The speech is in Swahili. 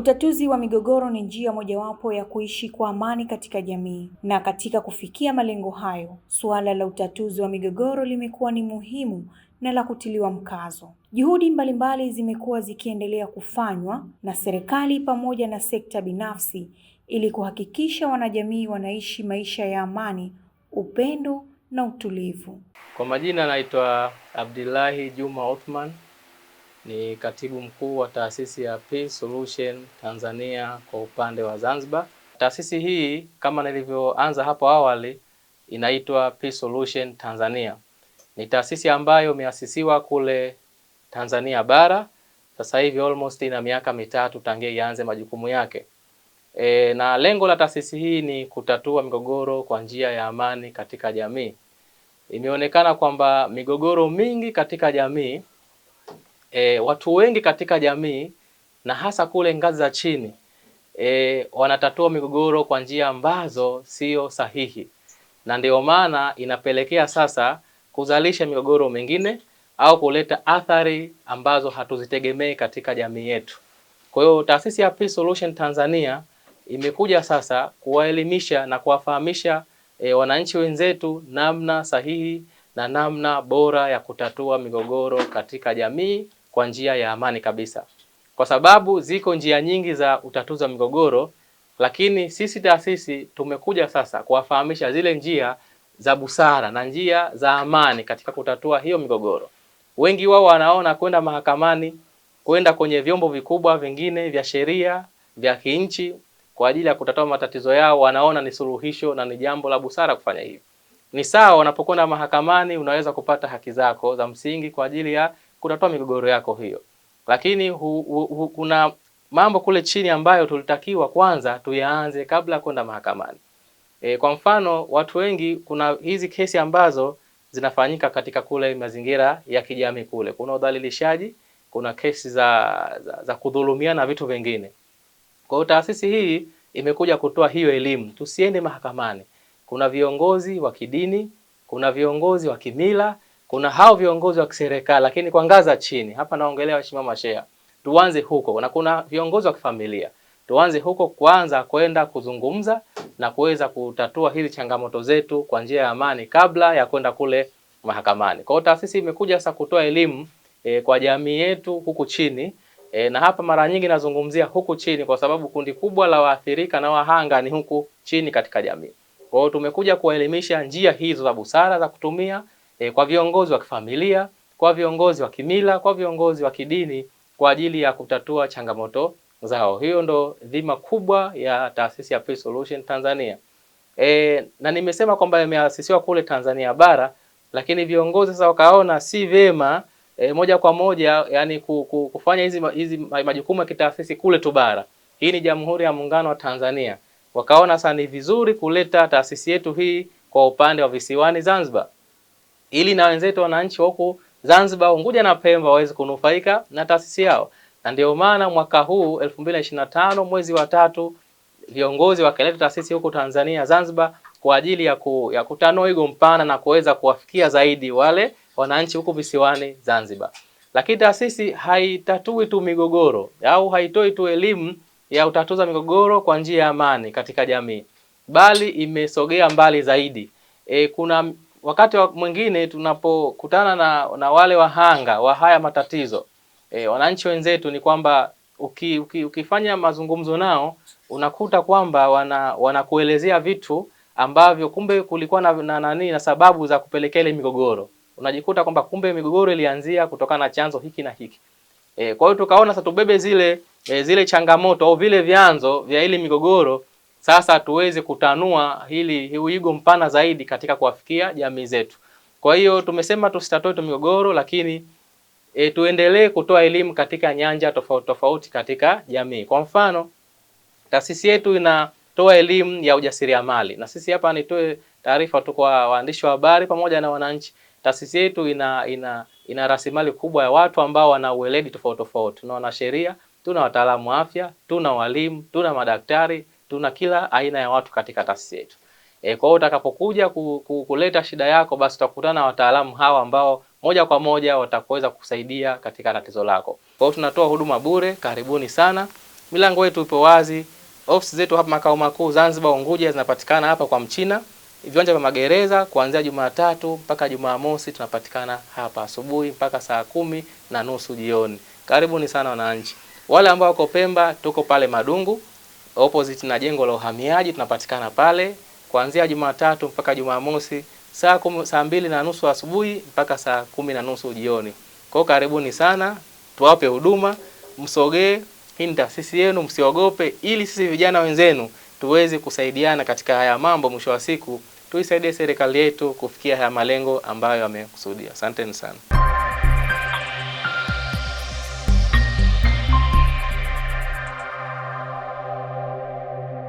Utatuzi wa migogoro ni njia mojawapo ya kuishi kwa amani katika jamii, na katika kufikia malengo hayo, suala la utatuzi wa migogoro limekuwa ni muhimu na la kutiliwa mkazo. Juhudi mbalimbali zimekuwa zikiendelea kufanywa na serikali pamoja na sekta binafsi ili kuhakikisha wanajamii wanaishi maisha ya amani, upendo na utulivu. Kwa majina, naitwa Abdillahi Juma Othman ni katibu mkuu wa taasisi ya Peace Solution Tanzania kwa upande wa Zanzibar. Taasisi hii kama nilivyoanza hapo awali inaitwa Peace Solution Tanzania. Ni taasisi ambayo imeasisiwa kule Tanzania bara, sasa hivi almost ina miaka mitatu tangia ianze majukumu yake. E, na lengo la taasisi hii ni kutatua migogoro kwa njia ya amani katika jamii. Imeonekana kwamba migogoro mingi katika jamii e, watu wengi katika jamii na hasa kule ngazi za chini e, wanatatua migogoro kwa njia ambazo sio sahihi, na ndio maana inapelekea sasa kuzalisha migogoro mingine au kuleta athari ambazo hatuzitegemei katika jamii yetu. Kwa hiyo taasisi ya Peace Solution Tanzania imekuja sasa kuwaelimisha na kuwafahamisha e, wananchi wenzetu namna sahihi na namna bora ya kutatua migogoro katika jamii kwa njia ya amani kabisa, kwa sababu ziko njia nyingi za utatuzi wa migogoro, lakini sisi taasisi tumekuja sasa kuwafahamisha zile njia za busara na njia za amani katika kutatua hiyo migogoro. Wengi wao wanaona kwenda mahakamani, kwenda kwenye vyombo vikubwa vingine vya sheria vya kinchi kwa ajili ya kutatua matatizo yao, wanaona ni suluhisho na ni jambo la busara kufanya hivyo. Ni sawa, unapokwenda mahakamani unaweza kupata haki zako za msingi kwa ajili ya kunatoa migogoro yako hiyo, lakini hu, hu, hu, kuna mambo kule chini ambayo tulitakiwa kwanza tuyaanze kabla ya kwenda mahakamani. E, kwa mfano watu wengi, kuna hizi kesi ambazo zinafanyika katika kule mazingira ya kijamii kule, kuna udhalilishaji, kuna kesi za, za, za kudhulumiana na vitu vingine. Kwa hiyo taasisi hii imekuja kutoa hiyo elimu, tusiende mahakamani. Kuna viongozi wa kidini, kuna viongozi wa kimila kuna hao viongozi wa kiserikali, lakini kwa ngazi chini hapa naongelea waheshimiwa masheha, tuanze huko, na kuna viongozi wa kifamilia tuanze huko kwanza kwenda kuzungumza na kuweza kutatua hizi changamoto zetu kwa njia ya amani kabla ya kwenda kule mahakamani. Kwa hiyo taasisi imekuja sasa kutoa elimu e, kwa jamii yetu huku chini e, na hapa mara nyingi nazungumzia huku chini kwa sababu kundi kubwa la waathirika na wahanga ni huku chini katika jamii. Kwa hiyo tumekuja kuwaelimisha njia hizo za busara za kutumia e, kwa viongozi wa kifamilia, kwa viongozi wa kimila, kwa viongozi wa kidini kwa ajili ya kutatua changamoto zao. Hiyo ndo dhima kubwa ya taasisi ya Peace Solution Tanzania. E, na nimesema kwamba imeasisiwa kule Tanzania bara, lakini viongozi sasa wakaona si vema e, moja kwa moja yani kufanya hizi hizi majukumu ya kitaasisi kule tu bara. Hii ni Jamhuri ya Muungano wa Tanzania. Wakaona sasa ni vizuri kuleta taasisi yetu hii kwa upande wa visiwani Zanzibar ili na wenzetu wananchi huko Zanzibar, Unguja na Pemba waweze kunufaika na taasisi yao, na ndio maana mwaka huu 2025 mwezi wa tatu viongozi wakaleta taasisi huku Tanzania Zanzibar kwa ajili ya, ku, ya kutanua igo mpana na kuweza kuwafikia zaidi wale wananchi huku visiwani Zanzibar. Lakini taasisi haitatui tu migogoro au haitoi tu elimu ya utatuzi wa migogoro kwa njia ya amani katika jamii, bali imesogea mbali zaidi. E, kuna wakati wa mwingine tunapokutana na, na wale wahanga wa haya matatizo e, wananchi wenzetu ni kwamba uki, uki, ukifanya mazungumzo nao unakuta kwamba wana wanakuelezea vitu ambavyo kumbe kulikuwa na na, na, na, na sababu za kupelekea ile migogoro. Unajikuta kwamba kumbe migogoro ilianzia kutokana na chanzo hiki na hiki e, kwa hiyo tukaona sasa tubebe zile e, zile changamoto au vile vyanzo vya ile migogoro sasa tuweze kutanua hili uigo mpana zaidi katika kuwafikia jamii zetu. Kwa hiyo tumesema tusitatue tu migogoro, lakini e, tuendelee kutoa elimu katika nyanja tofauti tofauti katika jamii. Kwa mfano, taasisi yetu inatoa elimu ya ujasiriamali, na sisi hapa nitoe taarifa tu kwa waandishi wa habari pamoja na wananchi. Taasisi yetu ina ina, ina rasilimali kubwa ya watu ambao wana ueledi tofauti tofauti. Tuna wanasheria, tuna wataalamu wa afya, tuna walimu, tuna madaktari tuna kila aina ya watu katika taasisi yetu. E, kwa hiyo utakapokuja ku, ku, kuleta shida yako basi utakutana na wataalamu hawa ambao moja kwa moja watakuweza kusaidia katika tatizo lako. Kwa hiyo tunatoa huduma bure, karibuni sana. Milango yetu ipo wazi. Ofisi zetu hapa makao makuu Zanzibar Unguja zinapatikana hapa kwa Mchina. Viwanja vya magereza kuanzia Jumatatu mpaka Jumamosi tunapatikana hapa asubuhi mpaka saa kumi na nusu jioni. Karibuni sana wananchi. Wale ambao wako Pemba tuko pale Madungu opposite na jengo la uhamiaji. Tunapatikana pale kuanzia Jumatatu mpaka Jumamosi saa kum, saa mbili na nusu asubuhi mpaka saa kumi na nusu jioni. Kwa hiyo karibuni sana, tuwape huduma, msogee. Hii ni taasisi yenu, msiogope, ili sisi vijana wenzenu tuweze kusaidiana katika haya mambo. Mwisho wa siku tuisaidie serikali yetu kufikia haya malengo ambayo amekusudia. Asanteni sana.